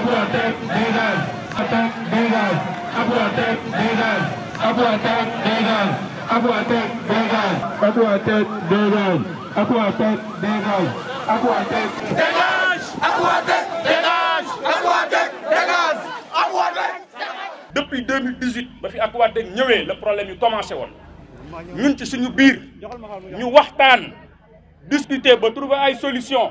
Abouatek dégage. Attaque dégage. Abouatek dégage. Abouatek dégage. Abouatek dégage. Abouatek dégage. Abouatek dégage. Abouatek dégage. Abouatek dégage. Abouatek dégage. Abouatek depuis 2018 ba fi Aquatec ñëwee le problème yu commencé woon ñun ci suñu biir ñu waxtaan discuter ba trouver ay solution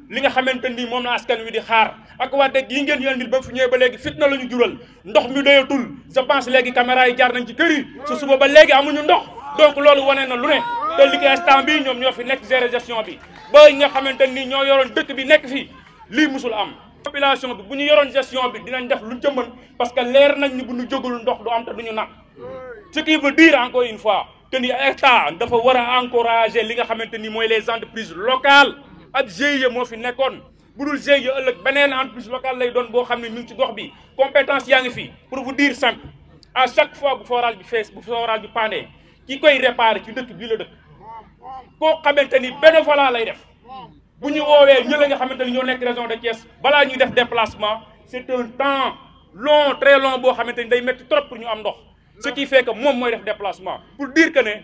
li nga xamanteni mom la askan wi di xaar ak wa dëkk yi ngeen yëngil ba fu ñëwee ba léegi fitna lañu ñu jural ndox mi doyatul je pense léegi caméra yi jaar nañ ci kër yi su suba ba léegi amuñu ndox donc loolu wane na lu ne te li instant bi ñom ñofi fi nekk gérer gestion bi ba nga xamanteni ni ñoo yoroon dëkk bi nekk fi li musul am population bi buñu ñu yoroon gestion bi dinañ def lu jëmman parce que leer nañ ni buñu ñu ndox du am ta duñu naan ce qui veut dire encore une fois que ni état dafa wara encourager li nga xamanteni moy les entreprises locales ab GIE moo fi nekkoon bu dul GIE ëllëg beneen entreprise locale lay doon boo xam ne mi ngi ci gox bi compétence yaa ngi fi pour vous dire simple à chaque fois bu forage bi fees bu forage bi pané ki koy réparer ci deuk bi la dëkk koo xamante bénévolat lay def bu ñu wowe ñu la nga xamante ñoo nekk région de Thiès bala ñu def déplacement c'est un temps long très long bo xamante day métti trop pour ñu am ndox ce qui fait que mom moy def déplacement pour dire que né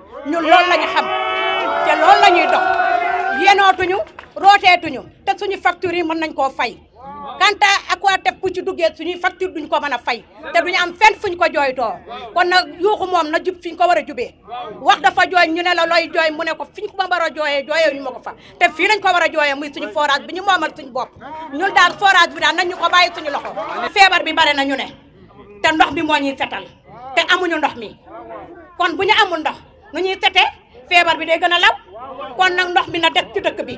ñun lool la ñu xam te loolu la ñuy dox yenootuñu rooteetuñu te suñu factures yi mën nañ koo fay quant à Aquatech bu ci duggee suñuy facture duñ ko mën a fay te duñu am fenn fuñ ko jooytoo kon nag yuuxu moom na jub fiñ ko war a jubee wax dafa jooy ñu ne la looy jooy mu ne ko fiñ ko bara war a ñu ma ko fa te fii lañ ko war a jooyee muy suñu forage bi ñu moomal suñu bopp ñun daal forage bi daal nañ ñu ko bàyyi suñu loxo feebar bi bare na ñu ne te ndox mi moo ñuy setal te amuñu ndox mi kon bu ñu amul ndox nu ñuy setee feebar bi day gën a law kon nag ndox mi na def ci dëkk bi